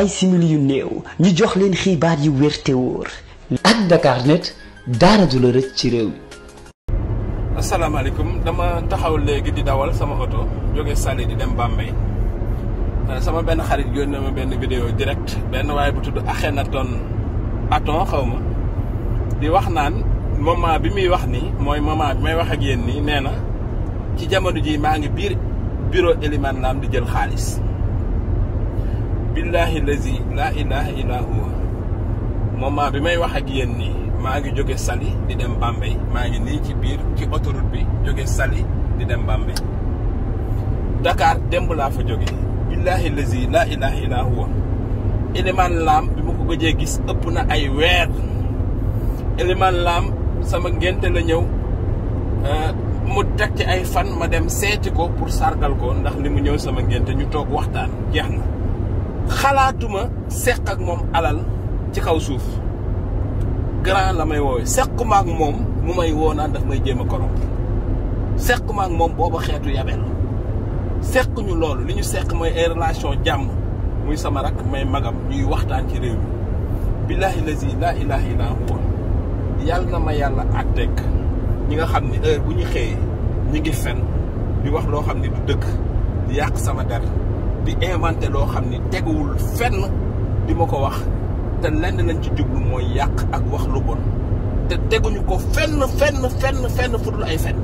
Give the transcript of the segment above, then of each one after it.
ay simili yu néew ñu jox leen xibaar yu wér te wóor. ak Dakar net daara du la rëcc ci réew mi. asalaamaaleykum dama taxaw léegi di dawal sama oto jóge Saly di dem Bambey euh, sama benn xarit yónnee ma benn vidéo direct benn waaye bu tudd Akhenaton Aton xaw di wax naan moment bi muy wax ni mooy moment bi may wax ak yéen nii nee na ci jamono jii maa ngi biir bureau Elimane Lam di jël xaalis. billahi lazi laa ilaha illa huwa moment bi may wax ak yéen nii maa ngi jóge Saly di dem Bambey maa ngi nii ci biir ci autoroute bi jóge sali di dem Bambey Dakar démb laa fa jóge billahi lazi laa ilaha illa huwa Eliman Lam bi ma ko gëjee gis ëpp na ay weer Eliman Lam sama ngénte la ñëw euh, mu teg ci ay fan ma dem seeti ko pour sargal ko ndax li mu ñëw sama ngénte ñu toog waxtaan jeex na xalaatuma seq ak moom alal ci kaw suuf grand la may woowee sequma ak moom mu may woo naan daf may jéem a corrompre sequma ak moom booba xeetu yabel sequñu loolu li ñu seq mooy ay jàmm muy sama rak may magam ñuy waxtaan ci réew mi billaahi lazi laa ilaaha illaa huwa yàlla na ma yàlla ak àtteeg ñi nga xam ni heure bu ñu xëyee ñu ngi fen di wax loo xam ni du dëkk di yàq sama der di inventé loo xam ni teguwul fenn di ma ko wax te lenn lañ ci jublu mooy yàq ak wax lu bon te teguñu ko fenn fenn fenn fenn fu ay fenn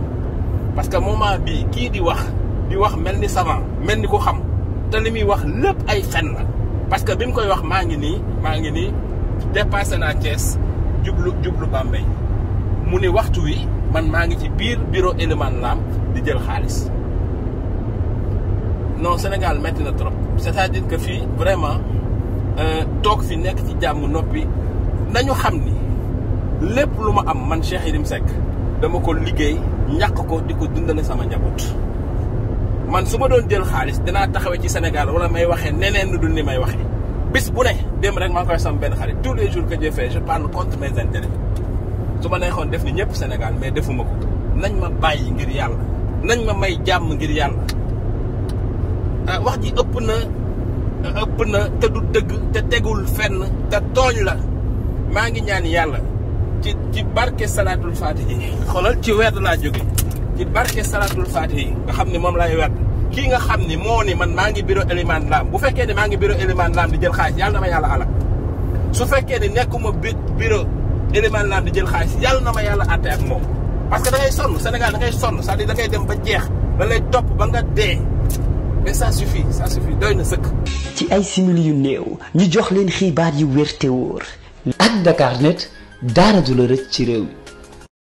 parce que moment bii kii di wax di wax mel ni savant mel ni ko xam te li muy wax lépp ay fenn la parce que bi mu koy wax maa ngi nii maa ngi nii dépassé naa Thiès jublu jublu Bambey mu ni waxtu wi man maa ngi ci biir bureau Elimane Lam di jël xaalis non Sénégal métti na trop c'est-à-dire que fii vraiment euh, toog fi nekk ci jàmm noppi nañu xam ni lépp lu ma am man Cheikh Yérim Seck dama ko liggéey ñàkk ko di ko dundale sama njaboot man su ma doon jël xaalis dinaa taxawee ci Sénégal wala may waxee neneen nu dul ni may waxee bis bu ne dem rek maa ngi koy sam benn xarit tous les jours que je fais je parle contre mes intérêts su ma neexoon def ni ñëpp Sénégal mais defuma ko nañ ma bàyyi ngir yàlla nañ ma may jàmm ngir yàlla Euh, wax ji ëpp na euh, ëpp na te du dëgg te tegul fenn te tooñ la maa ngi ñaan yàlla ci ci barke salaatul faatihi yi xoolal ci werd laa jóge ci barke salaatul faatihi yi nga xam ne moom laay werd kii nga xam ni moo ni man maa ngi bureau Elimane Lam bu fekkee ne maa ngi bureau Elimane Lam di jël xaalis yàlla na ma yàlla alak su fekkee ne nekkuma bi bureau Elimane Lam di jël xaalis yàlla na ma yàlla àtte ak moom parce que da ngay sonn Sénégal da sonn c'est-à-dire dem ba jeex da lay ba nga dee mais ci ay simili yu néew ñu jox leen xibaar yu wér te wóor. ak Dakar net dara du la ci réew mi.